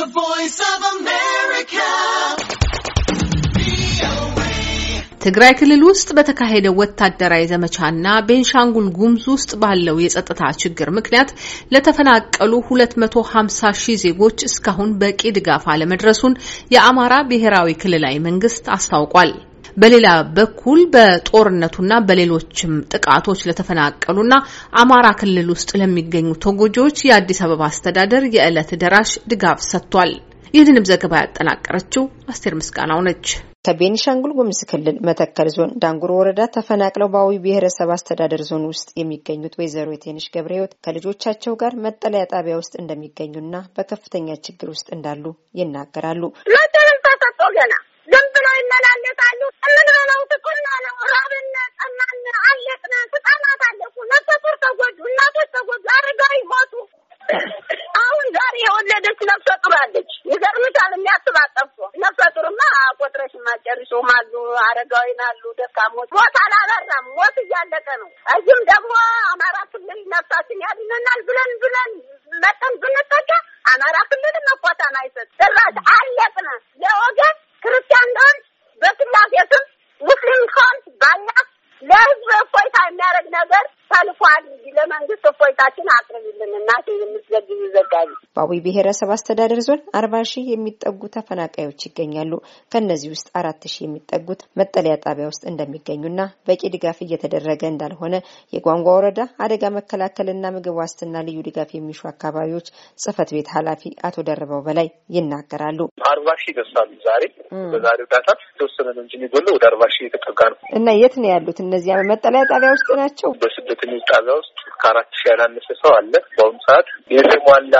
The Voice of America. ትግራይ ክልል ውስጥ በተካሄደው ወታደራዊ ዘመቻና ቤንሻንጉል ጉሙዝ ውስጥ ባለው የጸጥታ ችግር ምክንያት ለተፈናቀሉ 250 ሺህ ዜጎች እስካሁን በቂ ድጋፍ አለመድረሱን የአማራ ብሔራዊ ክልላዊ መንግስት አስታውቋል። በሌላ በኩል በጦርነቱና በሌሎችም ጥቃቶች ለተፈናቀሉና አማራ ክልል ውስጥ ለሚገኙ ተጎጂዎች የአዲስ አበባ አስተዳደር የዕለት ደራሽ ድጋፍ ሰጥቷል። ይህንንም ዘገባ ያጠናቀረችው አስቴር ምስጋናው ነች። ከቤኒሻንጉል ጉምዝ ክልል መተከል ዞን ዳንጉሮ ወረዳ ተፈናቅለው በአዊ ብሔረሰብ አስተዳደር ዞን ውስጥ የሚገኙት ወይዘሮ የቴንሽ ገብረ ህይወት ከልጆቻቸው ጋር መጠለያ ጣቢያ ውስጥ እንደሚገኙና በከፍተኛ ችግር ውስጥ እንዳሉ ይናገራሉ። ገና እንመላለሳሉ። የምንበላው ጥቁና ነው። ራብነ ጠማነ አለቅነ። ህጻናት አለቁ፣ ነፍሰጡር ተጎዱ፣ እናቶች ተጎዱ፣ አረጋዊ ሞቱ። አሁን ዛሬ የወለደች ነፍሰጡር አለች። ይገርምሻል። የሚያስባጠፉ ነፍሰጡርማ ቆጥረሽ ማጨርሾም አሉ፣ አረጋዊን አሉ፣ ደካሞች። ሞት አላበራም። ሞት እያለቀ ነው። እዚህም ደግሞ አማራ ክልል ነፍሳችን ያድነናል ብለን ብለን መጠን ብንጠቀ አማራ ክልል መኳታን አይሰጥ ጭራሽ አለቅነ ለወገን መንግስት እፎይታችን አቅርብልን እናቴ የምትዘግብ ይዘጋቢ። በአዊ ብሔረሰብ አስተዳደር ዞን አርባ ሺህ የሚጠጉ ተፈናቃዮች ይገኛሉ። ከእነዚህ ውስጥ አራት ሺህ የሚጠጉት መጠለያ ጣቢያ ውስጥ እንደሚገኙና በቂ ድጋፍ እየተደረገ እንዳልሆነ የጓንጓ ወረዳ አደጋ መከላከልና ምግብ ዋስትና ልዩ ድጋፍ የሚሹ አካባቢዎች ጽህፈት ቤት ኃላፊ አቶ ደርበው በላይ ይናገራሉ። አርባ ሺህ ደርሳሉ። ዛሬ በዛሬ እርዳታ የተወሰነ ነው እንጂ የሚጎለው ወደ አርባ ሺህ የተጠጋ ነው እና የት ነው ያሉት? እነዚያ መጠለያ ጣቢያ ውስጥ ናቸው። በስደተኞች ጣቢያ ውስጥ ከአራት ሺህ ያላነሰ ሰው አለ። በአሁኑ ሰዓት የተሟላ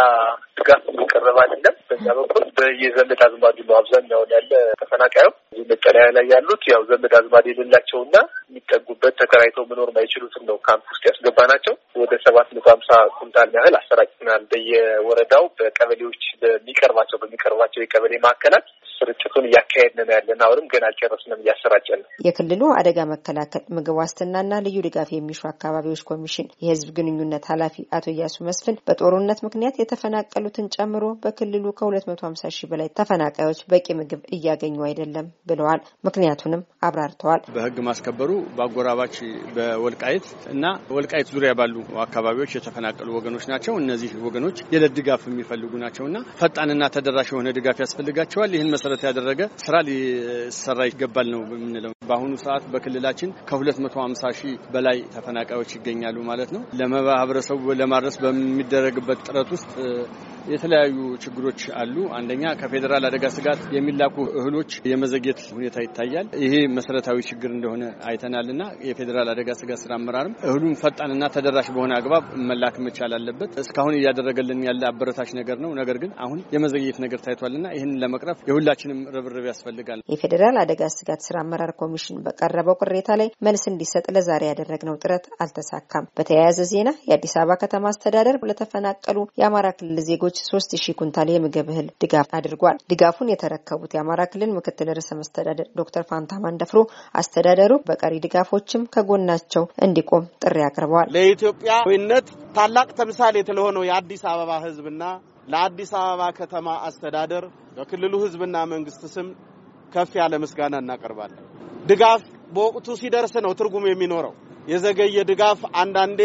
ድጋፍ እየቀረበ አይደለም። በዛ በኩል በየዘመድ አዝማዱ ነው አብዛኛውን ያለ ተፈናቃዩ እዚህ መጠለያ ላይ ያሉት ያው ዘመድ አዝማድ የሌላቸውና የሚጠጉበት ተከራይተው መኖር ማይችሉትም ነው ካምፕ ውስጥ ያስገባ ናቸው። ወደ ሰባት መቶ ሀምሳ ኩንታል ያህል አሰራጭናል። በየወረዳው በቀበሌዎች በሚቀርባቸው በሚቀርባቸው የቀበሌ ማዕከላት ስርጭቱን እያካሄድን ነው ያለን። አሁንም ገና አልጨረስንም፣ እያሰራጨን ነው። የክልሉ አደጋ መከላከል ምግብ ዋስትናና ልዩ ድጋፍ የሚሹ አካባቢዎች ኮሚሽን የህዝብ ግንኙነት ኃላፊ አቶ እያሱ መስፍን በጦርነት ምክንያት የተፈናቀሉትን ጨምሮ በክልሉ ከ250 ሺህ በላይ ተፈናቃዮች በቂ ምግብ እያገኙ አይደለም ብለዋል። ምክንያቱንም አብራርተዋል። በህግ ማስከበሩ በአጎራባች በወልቃየት እና ወልቃየት ዙሪያ ባሉ አካባቢዎች የተፈናቀሉ ወገኖች ናቸው። እነዚህ ወገኖች የዕለት ድጋፍ የሚፈልጉ ናቸው እና ፈጣንና ተደራሽ የሆነ ድጋፍ ያስፈልጋቸዋል። ይህን መሰ መሰረት ያደረገ ስራ ሊሰራ ይገባል ነው የምንለው። በአሁኑ ሰዓት በክልላችን ከ250 ሺህ በላይ ተፈናቃዮች ይገኛሉ ማለት ነው። ለማህበረሰቡ ለማድረስ በሚደረግበት ጥረት ውስጥ የተለያዩ ችግሮች አሉ። አንደኛ ከፌዴራል አደጋ ስጋት የሚላኩ እህሎች የመዘግየት ሁኔታ ይታያል። ይሄ መሰረታዊ ችግር እንደሆነ አይተናልና የፌዴራል አደጋ ስጋት ስራ አመራርም እህሉን ፈጣንና ተደራሽ በሆነ አግባብ መላክ መቻል አለበት። እስካሁን እያደረገልን ያለ አበረታች ነገር ነው። ነገር ግን አሁን የመዘግየት ነገር ታይቷልና ይህን ለመቅረፍ የሁላችንም ርብርብ ያስፈልጋል። የፌዴራል አደጋ ስጋት ስራ አመራር ኮሚሽን በቀረበው ቅሬታ ላይ መልስ እንዲሰጥ ለዛሬ ያደረግነው ጥረት አልተሳካም። በተያያዘ ዜና የአዲስ አበባ ከተማ አስተዳደር ለተፈናቀሉ የአማራ ክልል ዜጎች ለተጎጂዎች ሶስት ሺህ ኩንታል የምግብ እህል ድጋፍ አድርጓል። ድጋፉን የተረከቡት የአማራ ክልል ምክትል ርዕሰ መስተዳደር ዶክተር ፋንታ ማንደፍሮ አስተዳደሩ በቀሪ ድጋፎችም ከጎናቸው እንዲቆም ጥሪ አቅርበዋል። ለኢትዮጵያዊነት ታላቅ ተምሳሌ ስለሆነው የአዲስ አበባ ህዝብና ለአዲስ አበባ ከተማ አስተዳደር በክልሉ ህዝብና መንግስት ስም ከፍ ያለ ምስጋና እናቀርባለን። ድጋፍ በወቅቱ ሲደርስ ነው ትርጉም የሚኖረው። የዘገየ ድጋፍ አንዳንዴ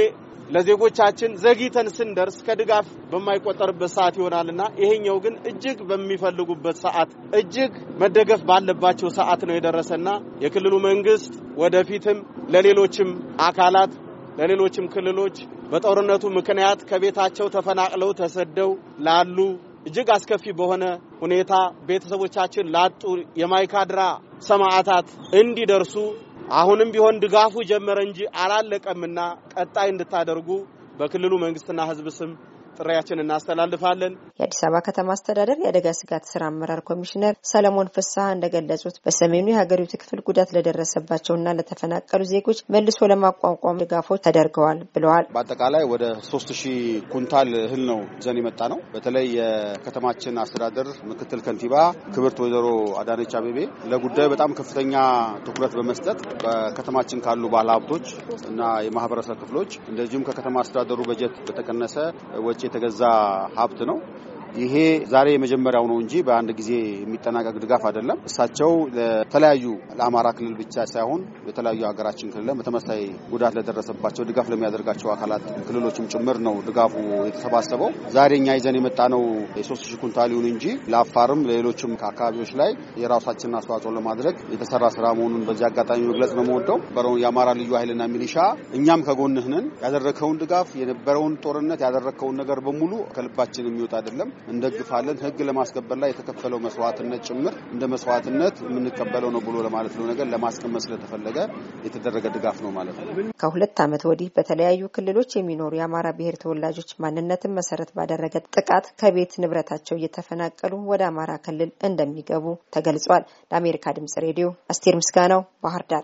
ለዜጎቻችን ዘግይተን ስንደርስ ከድጋፍ በማይቆጠርበት ሰዓት ይሆናልና ይሄኛው ግን እጅግ በሚፈልጉበት ሰዓት እጅግ መደገፍ ባለባቸው ሰዓት ነው የደረሰና የክልሉ መንግስት ወደፊትም ለሌሎችም አካላት ለሌሎችም ክልሎች በጦርነቱ ምክንያት ከቤታቸው ተፈናቅለው ተሰደው ላሉ እጅግ አስከፊ በሆነ ሁኔታ ቤተሰቦቻችን ላጡ የማይካድራ ሰማዕታት እንዲደርሱ አሁንም ቢሆን ድጋፉ ጀመረ እንጂ አላለቀምና ቀጣይ እንድታደርጉ በክልሉ መንግስትና ህዝብ ስም ጥሪያችን እናስተላልፋለን። የአዲስ አበባ ከተማ አስተዳደር የአደጋ ስጋት ስራ አመራር ኮሚሽነር ሰለሞን ፍስሐ እንደገለጹት በሰሜኑ የሀገሪቱ ክፍል ጉዳት ለደረሰባቸውና ለተፈናቀሉ ዜጎች መልሶ ለማቋቋም ድጋፎች ተደርገዋል ብለዋል። በአጠቃላይ ወደ ሶስት ሺህ ኩንታል እህል ነው ዘን የመጣ ነው። በተለይ የከተማችን አስተዳደር ምክትል ከንቲባ ክብርት ወይዘሮ አዳነች አቤቤ ለጉዳዩ በጣም ከፍተኛ ትኩረት በመስጠት በከተማችን ካሉ ባለሀብቶች እና የማህበረሰብ ክፍሎች እንደዚሁም ከከተማ አስተዳደሩ በጀት በተቀነሰ ወጪ የተገዛ ሀብት ነው። ይሄ ዛሬ የመጀመሪያው ነው እንጂ በአንድ ጊዜ የሚጠናቀቅ ድጋፍ አይደለም። እሳቸው ለተለያዩ ለአማራ ክልል ብቻ ሳይሆን የተለያዩ ሀገራችን ክልል በተመሳሳይ ጉዳት ለደረሰባቸው ድጋፍ ለሚያደርጋቸው አካላት ክልሎችም ጭምር ነው ድጋፉ የተሰባሰበው። ዛሬ እኛ ይዘን የመጣ ነው የሶስት ሺ ኩንታል ይሁን እንጂ ለአፋርም ለሌሎችም አካባቢዎች ላይ የራሳችንን አስተዋጽኦ ለማድረግ የተሰራ ስራ መሆኑን በዚህ አጋጣሚ መግለጽ ነው የምወደው። የአማራ ልዩ ኃይልና ሚሊሻ እኛም ከጎንህ ነን። ያደረከውን ድጋፍ የነበረውን ጦርነት ያደረከውን ነገር በሙሉ ከልባችን የሚወጣ አይደለም። እንደግፋለን። ህግ ለማስከበር ላይ የተከፈለው መስዋዕትነት ጭምር እንደ መስዋዕትነት የምንቀበለው ነው ብሎ ለማለት ነው ነገር ለማስቀመጥ ስለተፈለገ የተደረገ ድጋፍ ነው ማለት ነው። ከሁለት ዓመት ወዲህ በተለያዩ ክልሎች የሚኖሩ የአማራ ብሔር ተወላጆች ማንነትን መሰረት ባደረገ ጥቃት ከቤት ንብረታቸው እየተፈናቀሉ ወደ አማራ ክልል እንደሚገቡ ተገልጿል። ለአሜሪካ ድምጽ ሬዲዮ አስቴር ምስጋናው ባህር ዳር።